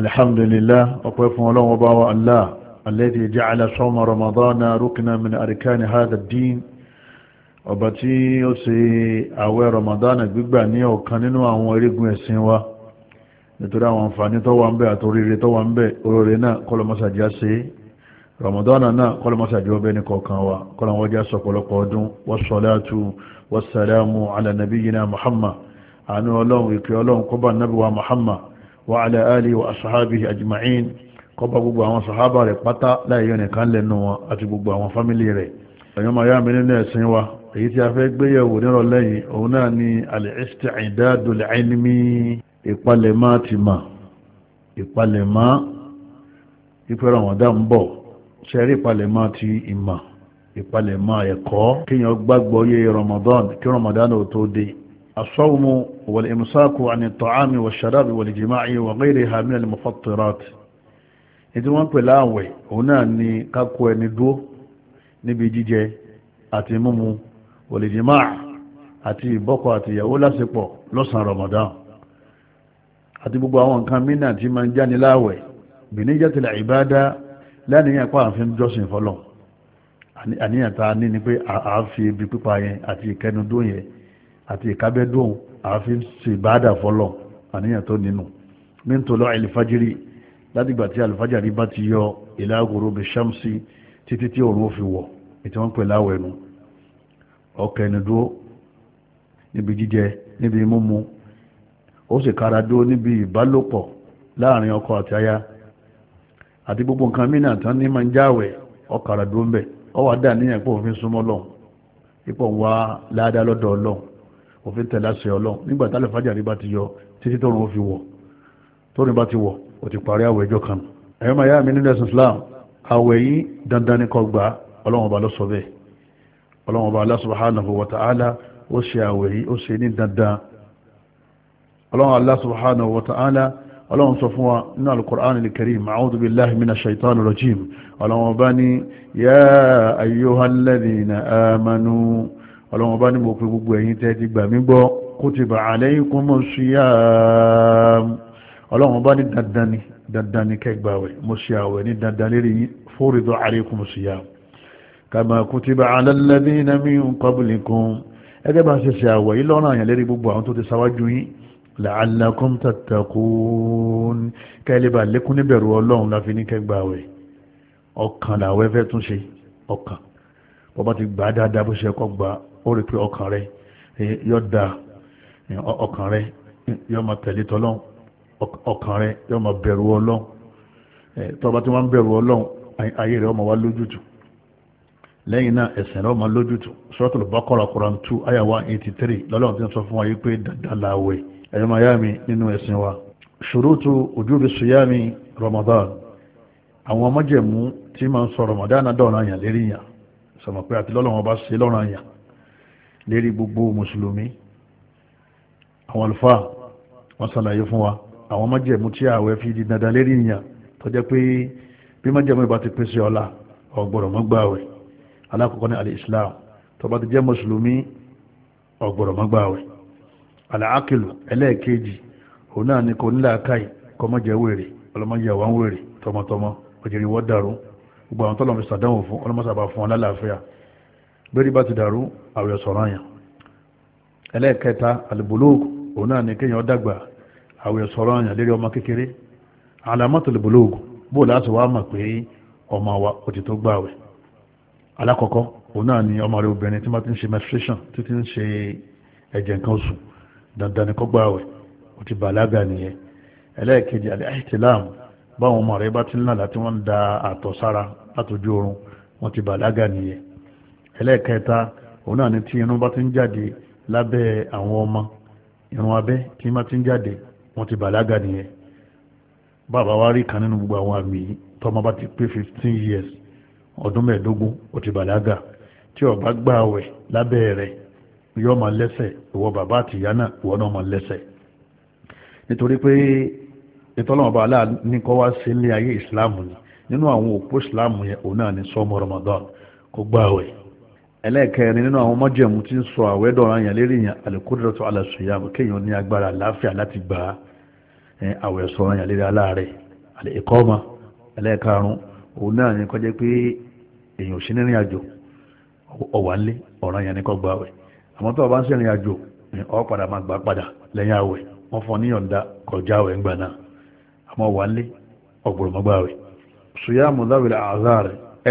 alhamdulillah ọpẹ́ fún ọlọ́wọ́ bá wa allah alladhi ja'ala sawma ramadana rukna min arkani hadha ad-din ọba tí ó ṣe àwẹ̀ ramadana gbígbà ní ọ̀kan nínú àwọn orígun ẹ̀sìn wa nítorí àwọn àǹfààní tó wà ń bẹ àtòríire tó wà ń bẹ oríire náà kọlọmọsàjá ṣe ramadana náà kọlọmọsàjá ọbẹ̀ ní kọ̀ọ̀kan wa kọlọmọjá sọ̀pọ̀lọpọ̀ ọdún wassalatu wassalamu ala nabiyyina muhammad àánú ọlọ́run ìkẹ́ ọlọ́run kọ́bà nabi muhammad wa ala alihi wa ashabihi ajma'in kọba gbogbo àwọn sàhábà rẹ̀ pátá láìyọ nìkan lẹ́nu wọn àti gbogbo àwọn fámílì rẹ̀ ẹ̀yọ́ ma yá mi nínú ẹ̀sìn wa èyí tí a fẹ́ gbéyẹ̀wò nírọ̀ lẹ́yìn òun náà ni al-isti'dadu al-ilmi ìpalẹ̀má ti mà ìpalẹ̀má ìpẹ́rọ àwọn dá ń bọ̀ ṣẹ́rí ìpalẹ̀má ti ìmà ìpalẹ̀má ẹ̀kọ́ kíyàn gbàgbọ́ yé Ramadan kí Ramadan ò tó dé الصوم والإمساك عن الطعام والشراب والجماع وغيرها من المفطرات ìdí wọ́n pè láàwẹ̀ òun náà ni kákó ẹni dúó níbi jíjẹ àti múmu olèjìmá àti ìbọ́kọ àti ìyàwó lásìpọ̀ lọ́sàn Ramadan àti gbogbo àwọn nǹkan mínà tí ma ń jáni láàwẹ̀ bìníjẹ́tìlẹ̀ ìbádá láníyàn pa àfin jọ́sìn fọ́lọ̀ àníyàn ta ní ni pé àáfi ibi pípa yẹn àti ìkẹnudó yẹn àti ìkábẹ́dùn àfi ṣèbáàdà fọlọ́ àníyàn tó nínú min tolo alifajiri látìgbà tí alifajari bá ti yọ ila gurubi shamsi títí tí òun fi wọ̀ ètò wọn pè láwẹ̀nu ọkẹ́ ni dúró níbi jíjẹ níbi mímu ó sì kára dúró níbi ìbálòpọ̀ láàrin ọkọ àti aya àti gbogbo nǹkan mí náà tán ní máa ń jáwẹ̀ ọkàrà dúró ń bẹ̀ ọ wà níyàn pé òun fi súnmọ́ ipò ń wá ládàá lọ́dọ̀ ọlọ́hùn òfin tẹ̀lé àṣẹ ọlọ́run nígbà tálẹ̀ fàjàrí bá ti yọ títí tó rùn ó fi wọ̀ tó rùn bá ti wọ̀ ó ti parí àwẹ̀ ẹjọ́ kan ẹ̀yọ́ màá yá mi nílẹ̀ ẹ̀sìn Islam àwẹ̀ yìí dandan ní kọgbà ọlọ́run ọba lọ́sọ bẹ́ẹ̀ ọlọ́run ọba Allah subhanahu wa ta'ala ó ṣe àwẹ̀ yìí ó ṣe ní dandan ọlọ́run Allah subhanahu wa ta'ala sọ fún wa nínú al-Qur'an al-Karim a'udhu billahi minash shaitani rajim ọlọ́run ọba ní yá ayyuhalladhina amanu ọlọ́wọ́n bá ní mo pe gbogbo ẹ̀yin tẹ́ ti gbà mí gbọ́ kutiba alaykumu siyam ọlọ́wọ́n bá ní dandan ni dandan ni kẹgbàwẹ̀ mo ṣe àwẹ̀ ní dandan lérí yín furidu alaykumu siyam kama kutiba ala alladhina min qablikum ẹgẹ́ bá ṣe ṣe àwẹ̀ yìí lọ́nà àyàn lérí gbogbo àwọn tó ti sáwájú yín ọkàn làwẹ́ tún ṣe ọkàn bọ́bá ti gbà dáadáa bó ṣe kọ́ gbà ó rí pé ọkàn rẹ yọ da ọkàn rẹ yọ máa tẹ̀lé tọ́lọ́n ọkàn rẹ yọ máa bẹ̀rù ọlọ́n tọba tí wọ́n ń bẹ̀rù ọlọ́n ayé rẹ ọmọ wa lójútù lẹ́yìn náà ẹ̀sìn rẹ ọmọ lójútù Suratul Baqara Quran two aya one eighty three lọ́lọ́run ti ń sọ fún mi nínú ẹ̀sìn wa Ramadan àwọn tí máa ń sọ Ramadan náà dọ̀ọ̀nà lérí yàn pé àti lérí gbogbo mùsùlùmí àwọn àlùfáà wọ́n ṣàlàyé fún wa àwọn májẹ̀mú tí fi di dandan lérí ìyàn tó jẹ́ pé bí májẹ̀mú ìbá ti pèsè ọ̀la ọ̀gbọ̀rọ̀ mọ́ gbààwẹ̀ ní alìsílám tó bá ti jẹ́ mùsùlùmí ọ̀gbọ̀rọ̀ mọ́ gbààwẹ̀ àlàákìlù òun náà ni kò nílà káì kọ́mọ́jẹ́ wèrè ọlọ́mọ́jẹ́ àwọn wèrè tọmọtọmọ òjèrè wọ́dàrú gbogbo àwọn tọ́lọ́mọ sàdánwò fún bẹ́rí bá ti dàrú àwẹ̀ ẹlẹ́ẹ̀kẹta alìbòlóògù òun náà ní kéèyàn dàgbà àwẹ̀ lérí ọmọ kékeré bó láti wá mọ̀ pé ọmọ wa ó ti tó gbàwẹ̀ alákọ̀ọ́kọ́ òun náà ní ọmọ rẹ obìnrin tí wọ́n ti ń ṣe menstruation tí ti ń ṣe ẹ̀jẹ̀ nǹkan oṣù dandan ni kó gbàwẹ̀ ti bàlágà nìyẹn ẹlẹ́ẹ̀kejì alìhìtìláàmù báwọn ti ẹlẹ́ẹ̀kẹta òun náà ni tí irun bá ti ń jáde lábẹ́ àwọn ọmọ irun abẹ́ tí má ti ń jáde wọ́n ti bàlágà nìyẹn bàbá wa rí kan nínú gbogbo àwọn àmì tọ́mọ bá ti pé fifteen years ọdún mẹ́ẹ̀ẹ́dógún ó ti bàlágà tí ó bá gbààwẹ̀ lábẹ́ rẹ̀ yóò máa lẹ́ṣẹ̀ ìwọ bàbá àti ìyá náà ìwọ náà máa lẹ́ṣẹ̀ nítorí pé ìtọ́lọ́mọba aláà ní kọ́ wá sí ilé ayé ìsìláàmù ni nínú àwọn òpó ìsìláàmù yẹn òun náà ni sọ́mọ Ramadan kó gbààwẹ̀ ẹlẹ́ẹ̀kẹrin nínú àwọn mọ́jẹ̀mú tí ń sọ àwẹ́dọ̀ra yẹn lérí yẹn alìkúdọ̀tò alàṣùyà kéèyàn ní agbára àláfíà láti gba àwẹ̀ sọ̀rọ̀ yẹn lérí aláàrẹ̀ àlẹ́ẹ̀kọ́mà ẹlẹ́ẹ̀karùn òun náà ní kọjá pé èèyàn sí nírìn àjò ọ̀wánlé ọ̀ràn yẹn ní kọ́ gba àwẹ̀ àmọ́ tó o bá ń sìnrìn àjò ọ padà máa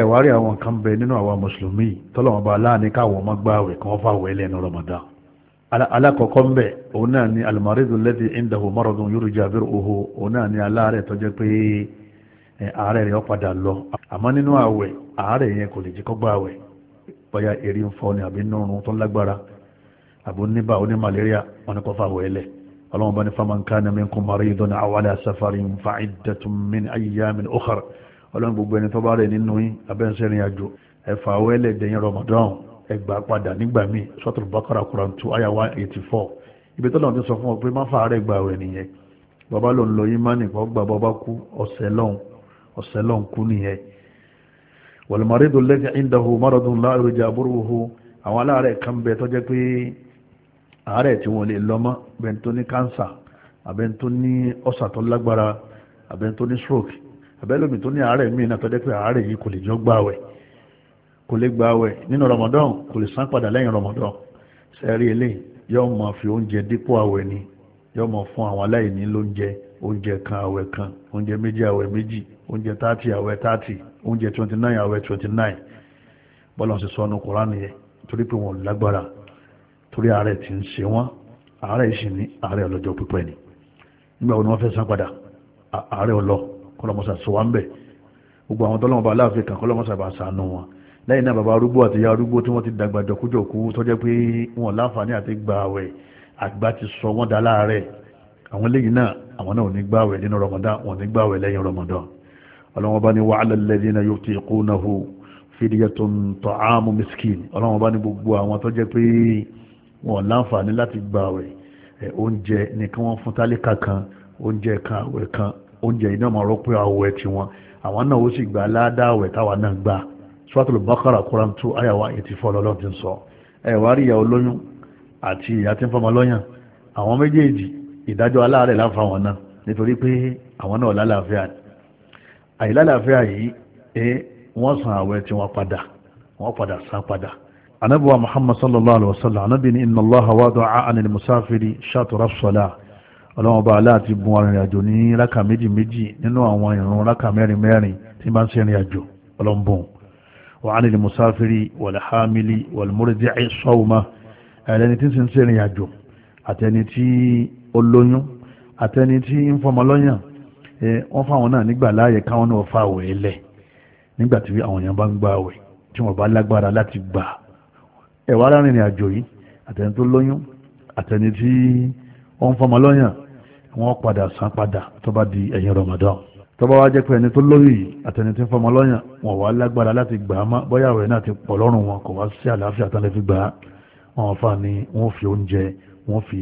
ẹ̀wárí àwọn kan bẹ nínú àwọn mùsùlùmí tọ́lọ́wọ́n bá láàánú káwọn ọmọ gbààwẹ̀ kan fàwọ̀ ẹlẹ́ ní ramadan alákọ̀ọ́kọ́ ń bẹ̀ òun náà ni alimaridu lẹ́dí indahu maradun yurja birruhu òun náà ni aláàrẹ̀ tó jẹ́ pé ààrẹ rẹ̀ ọ̀padà lọ àmọ́ nínú àwẹ̀ ààrẹ yẹn kò lè jẹ́ kó gbààwẹ̀ bóyá eré ń fọ́ ni àbí nírun tó lágbára àbò níbà oní malaria wọn ni kò fàwọ̀ ẹlẹ́ ọlọ́wọ́n bá ní faman kana minkum maridan aw ala safarin fa'iddatun min ayyamin ukhar ọlọ́run gbogbo ẹni tó bá rẹ̀ nínú yín abẹ́nsẹ́ rìn àjò ẹ̀fà awẹ́lẹ̀ dẹ̀yìn Ramadan ẹgbà padà nígbà míì sọ́tún bákàrà kura tu àyà one eighty four ibi tó lọ́run ti sọ fún ọ pé má fà rẹ̀ gbà rẹ̀ nìyẹn bàbá ló ń lọ yín má nìkan gbà bàbá kú ọ̀sẹ̀ lọ́hùn ọ̀sẹ̀ lọ́hùn kú nìyẹn wàlùmárìdù lẹ́jẹ̀ tó jẹ́ pé àárẹ̀ tí wọ́n lè lọ́mọ́ àbẹ́lómi tó ní àárẹ̀ míì náà tọ́jẹ́ pé àárẹ̀ yìí kò lè jọ gbààwẹ̀ kò lè gbààwẹ̀ nínú Ramadan kò lè san padà lẹ́yìn Ramadan sẹ́rí eléyìí yóò máa fi oúnjẹ dípò àwẹ̀ ni yóò máa fún àwọn aláìní lóúnjẹ oúnjẹ kan àwẹ̀ kan oúnjẹ méjì àwẹ̀ méjì oúnjẹ tààtì àwẹ̀ tààtì oúnjẹ twenty nine àwẹ̀ twenty nine bọ́lá ṣe sọ́nu Kùránì yẹn torí pé wọ́n lágbára torí àárẹ̀ ti ń ṣe wọ́n àárẹ̀ ìṣìn ní àárẹ̀ ọlọ́jọ́ pípẹ́ ni nígbà wo ni wọ́n fẹ́ san padà àárẹ̀ ọlọ́ọ̀ kọlọmọsà sọ wá ń bẹ̀ gbogbo àwọn tọ́lọ́mọba aláàfin kan kọlọmọsà bá sànù wọn lẹ́yìn náà bàbá arúgbó àti ìyá arúgbó tí wọ́n ti dàgbà jọkújọkú tọ́jẹ́ pé wọn láǹfààní àti gbààwẹ̀ àgbà ti sọ wọ́n dá láàárẹ̀ àwọn léyìí náà àwọn náà ò ní gbààwẹ̀ nínú Ramadan wọn ní gbààwẹ̀ lẹ́yìn Ramadan ọlọ́wọ́n bá ní wa'ala alladhina yutiqunahu fidyatun ta'amu miskin ọlọ́wọ́n bá ní gbogbo àwọn tọ́jẹ́ pé wọn láǹfààní láti gbààwẹ̀ oúnjẹ nìkan wọ́n fún tálíkà kan oúnjẹ kan àwẹ̀ kan oúnjẹ iná máa rọ pé àwọ̀ ẹ̀ tí wọn àwọn náà ó sì gba aládá àwẹ̀ táwa náà gbà suratul Baqara Quran two ayawa eighty four lọ́lọ́ ti ń sọ ẹ wá rí ìyá olóyún àti ìyá tí ń fọmọ lọ́yàn àwọn méjèèjì ìdájọ́ aláàrẹ̀ láǹfà wọn náà nítorí pé àwọn náà lálàáfíà àìlálàáfíà yìí ẹ wọ́n san àwẹ̀ tí wọ́n padà wọ́n padà san padà anabuwa Muhammad sallallahu alaihi wa sallam anabi ni Allah wa du'a musafiri shatura as ọlọ́wọ́n bá aláàtí bun arìnrìn àjò ní rákà méjì méjì nínú àwọn ìrun rákà mẹ́rin mẹ́rin tí bá ń ṣe ìrìn àjò ọlọ́mbọ̀n wà á nílì musafiri wàlhámílì wàlmúrídì sọ́ọ̀mà ẹ̀lẹ́ni tí ń sin ṣe ìrìn àjò àtẹni tí ó lóyún àtẹni tí ń fọmọ lọ́yàn wọ́n fáwọn náà nígbà láàyè káwọn náà fa àwẹ̀ ẹlẹ̀ nígbà tí àwọn èèyàn bá ń gba àwẹ̀ tí wọ́n bá lágbára láti gbà ẹ̀wà arìnrìn yìí àtẹni tó lóyún àtẹni tí òun fọmọ lọ́yàn wọ́n padà san padà tó bá di ẹ̀yìn Ramadan tó bá wá jẹ́ pé ẹni tó lóyún yìí àtẹni tí ń fọmọ lọ́yàn wọ́n wá lágbára láti gbà á mọ́ bóyá ọ̀rẹ́ náà ti pọ̀ lọ́rùn wọn kò wá sí àlàáfíà tán lè fi gbà á wọn fa ni wọ́n fi oúnjẹ wọ́n fi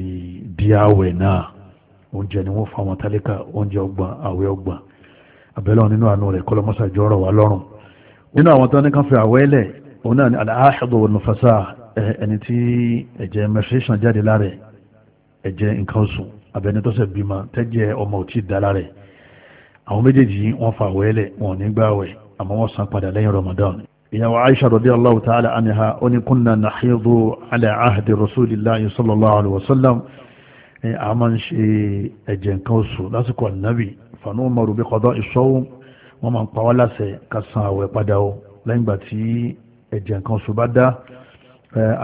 di àwẹ̀ náà oúnjẹ ni wọ́n fa wọn tálíkà oúnjẹ ọgbọ̀n àwẹ̀ ọgbọ̀n abẹ́lẹ́ nínú àánú rẹ̀ kọ́lọ́mọ́sá jọ ọ̀rọ̀ wa lọ́rùn nínú àwọn tán ní kan fi òun náà ni aláhàdùn nufasa ẹni tí ẹ̀jẹ̀ menstruation jáde lára ẹ̀ ẹ̀jẹ̀ nǹkan oṣù abẹni tó ṣẹ̀ bímọ tẹ́jẹ̀ ọmọ ò tí ì dára rẹ̀ àwọn méjèèjì yìí wọ́n fa àwẹ́lẹ̀ wọn ò ní gbà wẹ̀ àmọ́ wọ́n san padà lẹ́yìn Ramadan ìyàwó Aisha radiyallahu ta'ala anha ó ní kunna nahidu ala ahdi rasulillahi sallallahu alayhi wa sallam a máa ń ṣe ẹ̀jẹ̀ nǹkan oṣù lásìkò ànábì fanu umaru bi qada'i sawm wọ́n máa ń pa wá láṣẹ ká san àwẹ̀ padà o lẹ́yìn gbà tí ẹ̀jẹ̀ nǹkan oṣù bá dá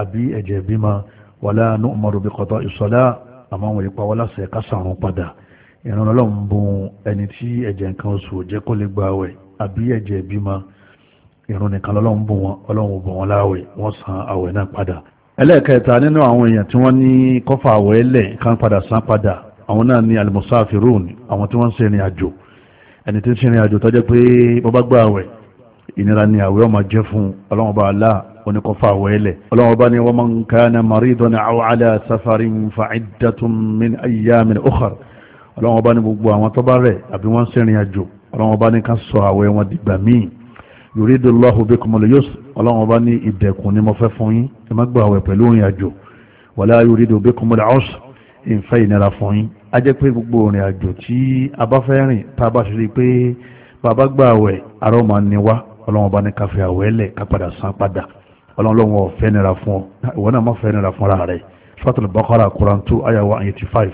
àbí ẹ̀jẹ̀ bímọ wàlá nu'maru bi qada'i s-salah àmọ́ àwọn ìpa wọlá sẹ̀ ká sàrùn padà ìran ọlọ́run bùn ẹni tí ẹ̀jẹ̀ nǹkan oṣù jẹ́ kó lè gba àwẹ̀ àbí ẹ̀jẹ̀ ìbímọ ìrun nìkan ọlọ́run bùn wọn ọlọ́run bùn wọn láwẹ̀ wọ́n san àwẹ̀ náà padà. ẹlẹ́ẹ̀kẹta nínú àwọn èèyàn tí wọ́n ní kọ́fà àwẹ̀ lẹ̀ kan padà san padà àwọn náà ní al-musafirun àwọn tí wọ́n ń ṣe ìrìn àjò ẹni tí ń ṣe ìrìn àjò tó pé bọ́ bá àwẹ̀ ìnira ni àwẹ̀ ọmọ jẹ́ fún ọlọ́run bá a láà oníkọ́fà wẹ́lẹ̀ ọlọ́wọ́ bá ní wa man kana maridan aw ala safarin fa iddatun min ayyamin ukhar ọlọ́wọ́ bá ní gbogbo àwọn tó bá rẹ̀ àbí wọ́n sẹ́rin àjò ọlọ́wọ́ bá ní ká sọ àwẹ̀ wọn dìgbà míì yuridullahu bikumul yusr ọlọ́wọ́ bá ní ìdẹ̀kùn ni mo fẹ́ fún yín ẹ má gbà àwẹ̀ pẹ̀lú òrìn àjò wala yuridu bikumul usr ìfẹ́ ìnira fún yín a jẹ́ pé gbogbo ní wá ọlọ́wọ́ ká padà san padà ọlọ́run ò fẹ́ nira fún ọ ìwọ náà má fẹ́ nira fún ara rẹ Suratul Baqara Quran two ayah one eighty five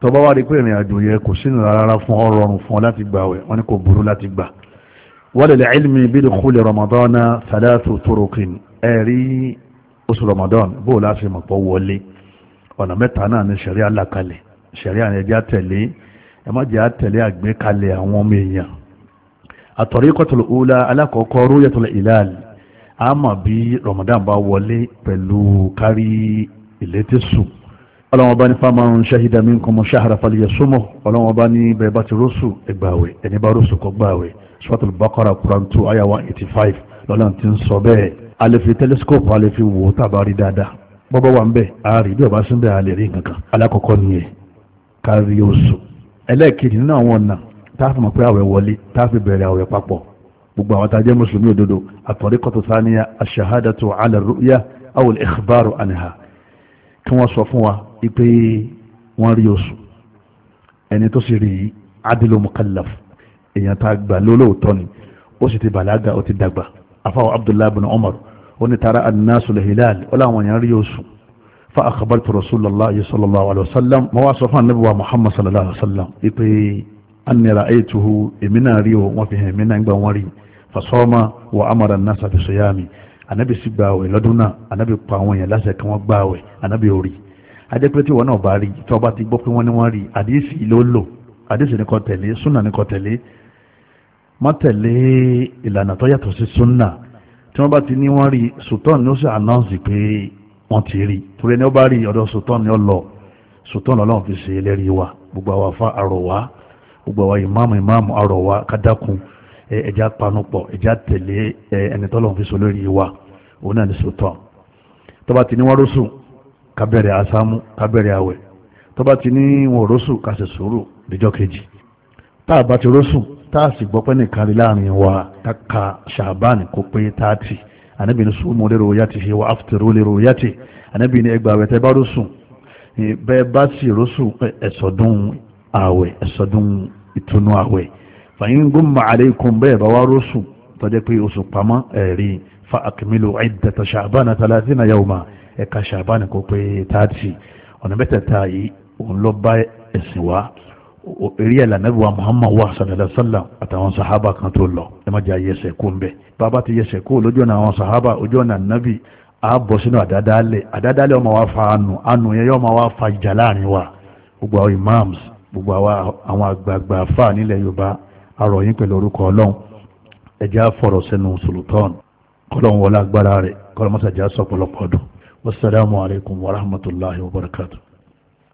tó bá wá rí pé ìrìn àjò yẹ kò sínú rárá fún ọ rọrùn fún ọ láti gbà wẹ̀ wọ́n ní kò burú láti gbà walil ilmi bidukhuli Ramadana thalathu turuqin ẹ̀rí oṣù Ramadan bóò láti mọ̀ pọ̀ wọlé ọ̀nà mẹ́ta náà ni ṣẹ̀rí alákalẹ̀ ṣẹ̀rí àwọn ẹ̀jẹ̀ àtẹ̀lé ẹ má jẹ́ àtẹ̀lé àgbékalẹ̀ àwọn ọmọ èèyàn àtọ̀rí kọ́tùlù ula alákọ̀ọ́kọ́ rúyẹ̀tùlù ìlàlì a mọ̀ bí Ramadan bá wọlé pẹ̀lú kárí ìlétésù ọlọ́wọ́n bá ní fáwọn ṣáhídà mi mọ́ ṣáhara súnmọ́ ọlọ́wọ́n bá ní bẹ́ẹ̀ bá ti rọ́ṣù ẹgbàwẹ̀ ẹni bá rọ́ṣù kọ́ gbàwẹ̀ one eighty five ti ń sọ bẹ́ẹ̀ a lè fi tẹlẹsikópù a lè fi wò ó tàbá rí dáadáa bọ́bọ́ wa ń bẹ̀ a rí bí ọba sí a lè rí nǹkan kan alákọ̀ọ́kọ́ nìyẹn kárí gbogbo àwọn tàjẹ́ mùsùlùmí òdodo àtọ̀ríkọ̀tò sáníyà aṣahádàtò alàrúyà àwọn ìkbàrò àníhà kí wọ́n sọ fún wa pé wọ́n rí oṣù ẹni tó sì rí adìlò mukallaf èèyàn tá a gbà lólóòtọ́ ni ó sì ti bàlágà ó ti dàgbà afáwọ̀ abdullahi bin umar ó ní tara annasu lahilal ó láwọn èèyàn rí oṣù fa akhbartu rasulullah sallallahu alaihi wasallam mo wá sọ fún anabi muhammad sallallahu alaihi wasallam pé anira aituhu èmi náà rí o wọ́n fi hàn èmi náà gbà wọ́n rí fasọ́ọ́mà wa amara nasa fi sọ́yàmì anabi sì gba àwẹ̀ lọ́dún náà anabi pa àwọn èèyàn láṣẹ kí wọ́n gba àwẹ̀ anabi ò rí adépẹ́tì wọn náà bá rí tí wọ́n bá ti gbọ́ pé wọ́n ní wọ́n rí àdéhìsì ló lò àdéhìsì ni kò tẹ̀lé súnà ni kò tẹ̀lé má tẹ̀lé ìlànà tó yàtọ̀ sí súnà tí wọ́n bá ti ní wọ́n rí sultan ló sì announce pé wọ́n ti rí torí ẹni ó bá rí ọ̀dọ̀ sultan ni ó lọ sultan fi ṣe ẹlẹ́rìí wa gbogbo àwọn afá àrọ̀wá gbogbo àwa ìmáàmù ìmáàmù arọ̀ wa kádákun ẹja panupọ̀ ẹja tẹ̀lé ẹni tọ́lọ̀ fi so lórí wa òun náà ní sòtọ́ tọ́ba ti ní wọ́n rọ́sù kábẹ̀rẹ̀ àsámú kábẹ̀rẹ̀ àwẹ̀ tọ́ba ti ní wọ́n rọ́sù kàṣẹ sùúrù níjọ́ kejì tá a bá ti rọ́sù tá a sì gbọ́ pẹ́ nìkan rí láàrin wa káka ṣàbáàní kó pé táàtì ànábì ní súnmù lérò yàtì ṣe wà áfìtìrú lérò yàtì ànábì ní ẹgbàá wẹ̀tẹ́ bá rọ́sù bẹ́ẹ̀ bá sì rọ́sù ẹ̀sọ̀dún àwẹ̀ ẹ̀sọ̀dún ìtúnú àwẹ̀ fàyín gúnmà àríkùn bẹ́ẹ̀ bá wá rọ́sùn tọ́jẹ́ pé oṣù pamọ́ ẹ̀rí fa àkìmílò àìdàtà ṣàbánà tàlátínà yawma ẹ̀ka ṣàbánà kó pé tààtì ọ̀nà mẹ́tẹ̀ẹ̀ta yìí òun lọ bá ẹ̀sìn wá eré ẹ̀ lànàbí wa muhammad wa sallallahu sallam àtàwọn sahaba kan tó lọ ẹ má jẹ́ ayẹsẹ̀ kó ń bẹ̀ bàbá ti yẹsẹ̀ kó lójú ọ̀nà àwọn sahaba ojú ọ̀nà nàbì a bọ̀ sínú àdádálẹ̀ àdádálẹ̀ ọmọ wa fa ànù ànù yẹn yọ ọmọ wa fa ìjà láàrin wa gbogbo àwọn imams gbogbo àwọn àgbààgbà fà nílẹ̀ yorùbá arọ̀ yín pẹ̀lú orúkọ ọlọ́run ẹ̀já fọ̀rọ̀ sẹ́nu sultan kọ́lọ́run wọlé agbára rẹ̀ kọ́lọ́mọ́sàjà sọ̀pọ̀lọpọ̀ ọdún wassalamu alaikum warahmatullahi wabarakatuh